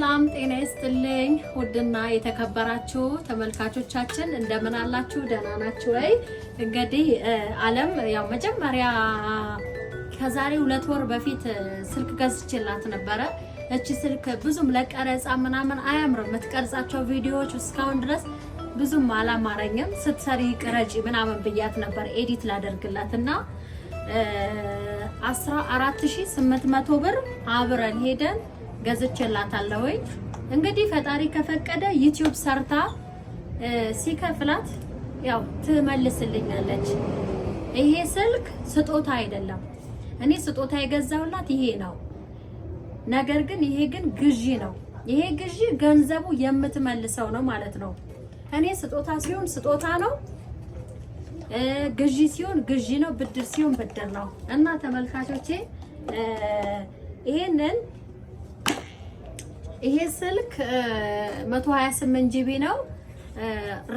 ሰላም ጤና ይስጥልኝ። ውድና የተከበራችሁ ተመልካቾቻችን እንደምን አላችሁ? ደህና ናችሁ ወይ? እንግዲህ አለም ያው መጀመሪያ ከዛሬ ሁለት ወር በፊት ስልክ ገዝቼላት ነበረ። እቺ ስልክ ብዙም ለቀረጻ ምናምን አያምርም። የምትቀርጻቸው ቪዲዮዎች እስካሁን ድረስ ብዙም አላማረኝም። ስትሰሪ ቅረጪ ምናምን ብያት ነበር ኤዲት ላደርግላት እና 14800 ብር አብረን ሄደን ገዝቼላታለሁ። እንግዲህ ፈጣሪ ከፈቀደ ዩቲዩብ ሰርታ ሲከፍላት ያው ትመልስልኛለች። ይሄ ስልክ ስጦታ አይደለም። እኔ ስጦታ የገዛውላት ይሄ ነው። ነገር ግን ይሄ ግን ግዢ ነው። ይሄ ግዢ ገንዘቡ የምትመልሰው ነው ማለት ነው። እኔ ስጦታ ሲሆን ስጦታ ነው፣ ግዢ ሲሆን ግዢ ነው፣ ብድር ሲሆን ብድር ነው እና ተመልካቾቼ ይሄንን ይሄ ስልክ 128 ጂቢ ነው።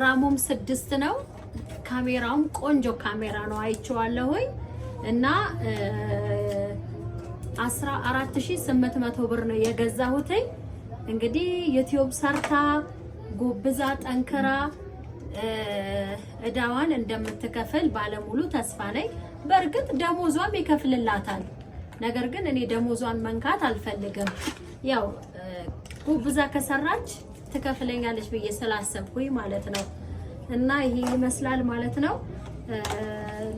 ራሙም ስድስት ነው። ካሜራውም ቆንጆ ካሜራ ነው አይቼዋለሁኝ እና 14800 ብር ነው የገዛሁትኝ። እንግዲህ ዩቲዩብ ሰርታ ጎብዛ ጠንክራ እዳዋን እንደምትከፍል ባለሙሉ ተስፋ ነኝ። በእርግጥ ደሞዟም ይከፍልላታል። ነገር ግን እኔ ደሞዟን መንካት አልፈልግም ያው ጉብዛ ከሰራች ትከፍለኛለች ብዬ ስላሰብኩኝ ማለት ነው። እና ይሄ ይመስላል ማለት ነው።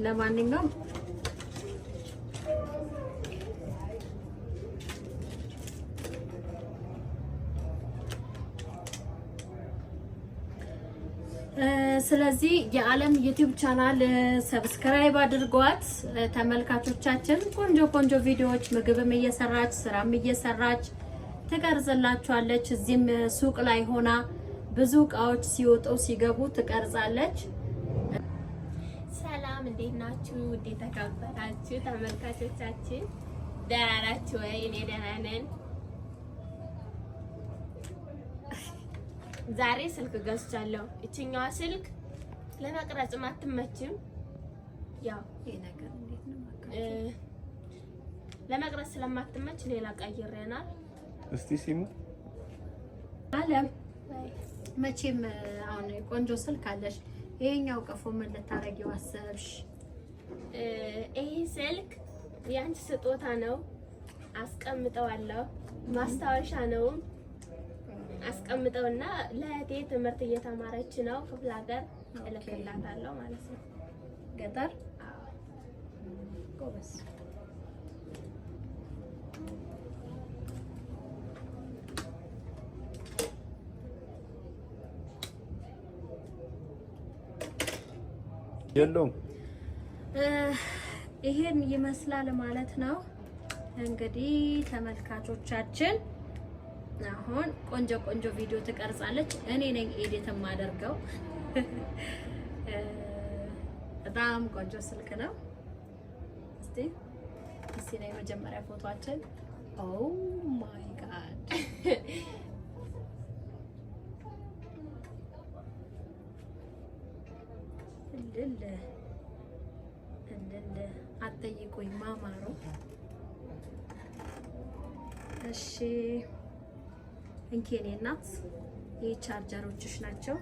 ለማንኛውም ስለዚህ የዓለም ዩቲዩብ ቻናል ሰብስክራይብ አድርጓት ተመልካቾቻችን። ቆንጆ ቆንጆ ቪዲዮዎች ምግብም እየሰራች ስራም እየሰራች ትቀርጽላችኋለች። እዚህም ሱቅ ላይ ሆና ብዙ እቃዎች ሲወጡ ሲገቡ ትቀርጻለች። ሰላም፣ እንዴት ናችሁ? እንዴት ተከበራችሁ ተመልካቾቻችን? ደህና ናችሁ ወይ? እኔ ደህና ነን። ዛሬ ስልክ ገዝቻለሁ። እችኛዋ ስልክ ለመቅረጽም አትመችም። ያው ይሄ ነገር እንዴት ነው ለመቅረጽ ስለማትመች ሌላ ቀይሬናል። እስቲ ሲሙ አለም መቼም አሁን ቆንጆ ስልክ አለሽ። ይሄኛው ቀፎ ምን ልታረጊው አሰብሽ? ይህ ስልክ የአንቺ ስጦታ ነው። አስቀምጠዋለሁ። ማስታወሻ ነው። አስቀምጠውና ለእህቴ ትምህርት እየተማረች ነው፣ ክፍለ ሀገር እልክላታለሁ ማለት ነው። ገጠር ጎበስ የለውም። ይሄን ይመስላል ማለት ነው። እንግዲህ ተመልካቾቻችን አሁን ቆንጆ ቆንጆ ቪዲዮ ትቀርጻለች። እኔ ነኝ ኤዲት የማደርገው። በጣም ቆንጆ ስልክ ነው። እስቲ እስቲ ነው የመጀመሪያ ፎቶአችን። ኦ ማይ ጋድ እሺ እንኪ የኔ እናት ይህ ቻርጀሮችሽ ናቸው።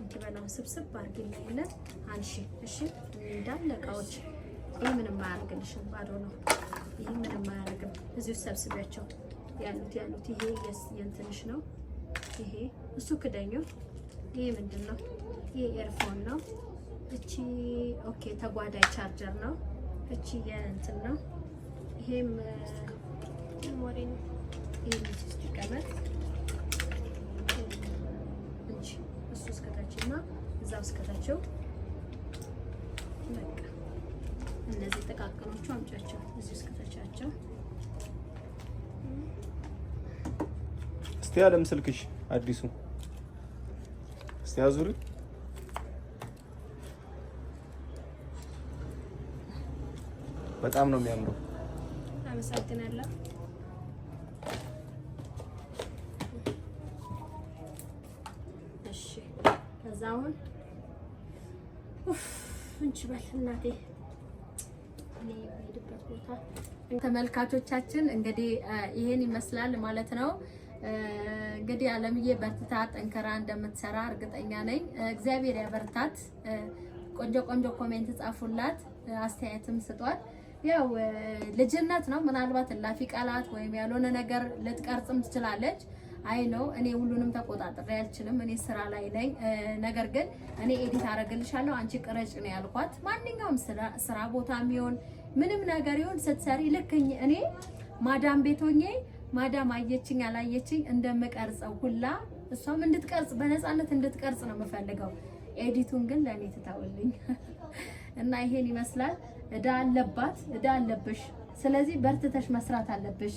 እንኪ በለው ስብስብ አድርጊ እናያለን። አንሺ እሺ፣ እንዳለ እቃዎች ይህ ምንም አያደርግልሽም፣ ባዶ ነው። ይህ ምንም አያደርግም። እዚሁ ሰብስቢያቸው ያሉት ያሉት። ይሄ የእንትንሽ ነው። ይሄ እሱ ክደኞ። ይሄ ምንድን ነው? ይሄ ኤርፎን ነው። እቺ ኦኬ ተጓዳይ ቻርጀር ነው። እቺ የእንትን ነው። ይሄም ወሬን ይሄን ልጅ እስኪቀመጥ እጅ እሱ እስከታች እዛው እስከታቸው በቃ እነዚህ ጥቃቅኖቹ አምጫቸው እዚህ እስከታቻቸው። እስቲ አለም ስልክሽ አዲሱ እስቲ አዙሪ በጣም ነው የሚያምረው። አመሰግናለሁ። ከዛ አሁን እንችበል እናቴ የሄድበት ቦታ ተመልካቾቻችን እንግዲህ ይሄን ይመስላል ማለት ነው። እንግዲህ አለምዬ በርትታ ጠንከራ እንደምትሰራ እርግጠኛ ነኝ። እግዚአብሔር ያበርታት። ቆንጆ ቆንጆ ኮሜንት ጻፉላት፣ አስተያየትም ስጧት። ያው ልጅነት ነው። ምናልባት ላፊ ቃላት ወይም ያልሆነ ነገር ልትቀርጽም ትችላለች። አይ ነው እኔ ሁሉንም ተቆጣጥሬ አልችልም፣ እኔ ስራ ላይ ነኝ። ነገር ግን እኔ ኤዲት አደረግልሻለሁ አንቺ ቅረጭ ነው ያልኳት። ማንኛውም ስራ ቦታ የሚሆን ምንም ነገር ይሁን ስትሰሪ ልክኝ እኔ ማዳም ቤቶኜ ማዳም አየችኝ አላየችኝ እንደምቀርጸው ሁላ እሷም እንድትቀርጽ በነፃነት እንድትቀርጽ ነው የምፈልገው። ኤዲቱን ግን ለእኔ ትተውልኝ እና ይሄን ይመስላል። እዳ አለባት፣ እዳ አለብሽ። ስለዚህ በርትተሽ መስራት አለብሽ።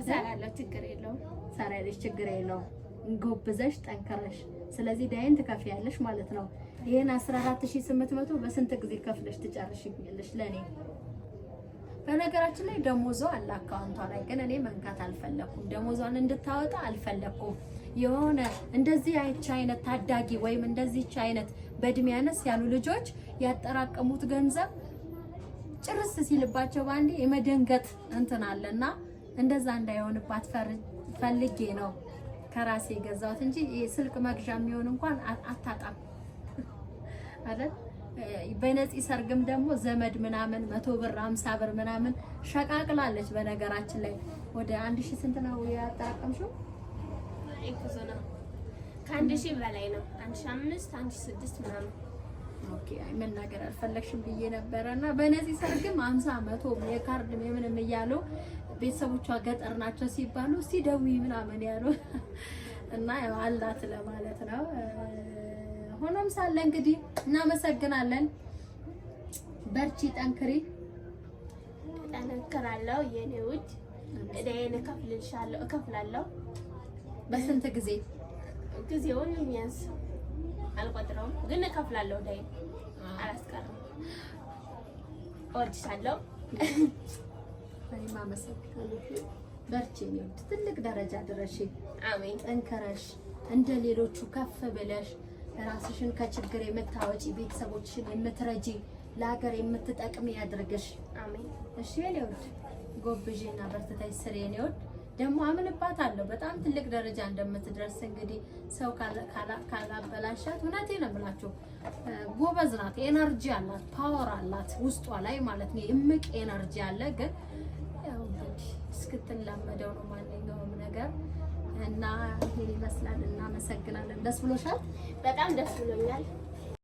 እሰራለሁ፣ ችግር የለውም። ሰራለሽ፣ ችግር የለውም። ጎብዘሽ ጠንከረሽ፣ ስለዚህ ዳይን ትከፍያለሽ ማለት ነው። ይሄን 14800 በስንት ጊዜ ከፍለሽ ትጨርሽኛለሽ ለኔ? በነገራችን ላይ ደሞዟ አለ አካውንቷ ላይ ግን እኔ መንካት አልፈለኩም። ደሞዟን እንድታወጣ አልፈለኩም። የሆነ እንደዚህ አይቻ አይነት ታዳጊ ወይም እንደዚህች አይነት በእድሜ አነስ ያሉ ልጆች ያጠራቀሙት ገንዘብ ጭርስ ሲልባቸው ባንዴ የመደንገጥ እንትን አለና እንደዛ እንዳይሆንባት ፈልጌ ነው ከራሴ የገዛሁት እንጂ ስልክ መግዣ የሚሆን እንኳን አታጣም አይደል? በነፂ ሰርግም ደግሞ ዘመድ ምናምን መቶ ብር አምሳ ብር ምናምን ሸቃቅላለች። በነገራችን ላይ ወደ አንድ ሺህ ስንት ነው ያጠራቀምሽው? ከአንድ ሺህ በላይ ነው። አንድ ሺህ አምስት አንድ ሺህ ስድስት ምናምን መናገር አልፈለግሽም ብዬ ነበረ እና በነዚህ ሰርግም አምሳ መቶ የካርድ የምንም እያሉ ቤተሰቦቿ ገጠር ናቸው ሲባሉ ሲደዊ ምናምን ያሉ እና አላት ለማለት ነው። ሆኖም ሳለ እንግዲህ እናመሰግናለን። በርቺ፣ ጠንክሪ። ጠንክራለሁ የኔ ውድ እዳዬን እከፍልልሻለሁ፣ እከፍላለሁ። በስንት ጊዜ ጊዜውን የሚያንስ አልቆጥረውም፣ ግን እከፍላለሁ። ዳይ አላስቀርም። እወድሻለሁ። በርቺ፣ ትልቅ ደረጃ ድረሽ፣ አሜን። ጠንከረሽ እንደ ሌሎቹ ከፍ ብለሽ ራስሽን ከችግር የምታወጪ ቤተሰቦችሽን የምትረጂ ለሀገር የምትጠቅም ያድርግሽ። አሜን። እሺ፣ የኔ ውድ ጎብዤና የኔ ውድ ደግሞ አለው በጣም ትልቅ ደረጃ እንደምትደርስ። እንግዲህ ሰው ካላበላሻት፣ እውነቴ ነው የምላችሁ፣ ጎበዝ ናት። ኤነርጂ አላት፣ ፓወር አላት ውስጧ ላይ ማለት ነው። እምቅ ኤነርጂ አለ። ግን ያው እስክትላመደው ነው ማንኛውም ነገር እና ይሄ ይመስላል። እናመሰግናለን። ደስ ብሎሻል? በጣም ደስ ብሎኛል።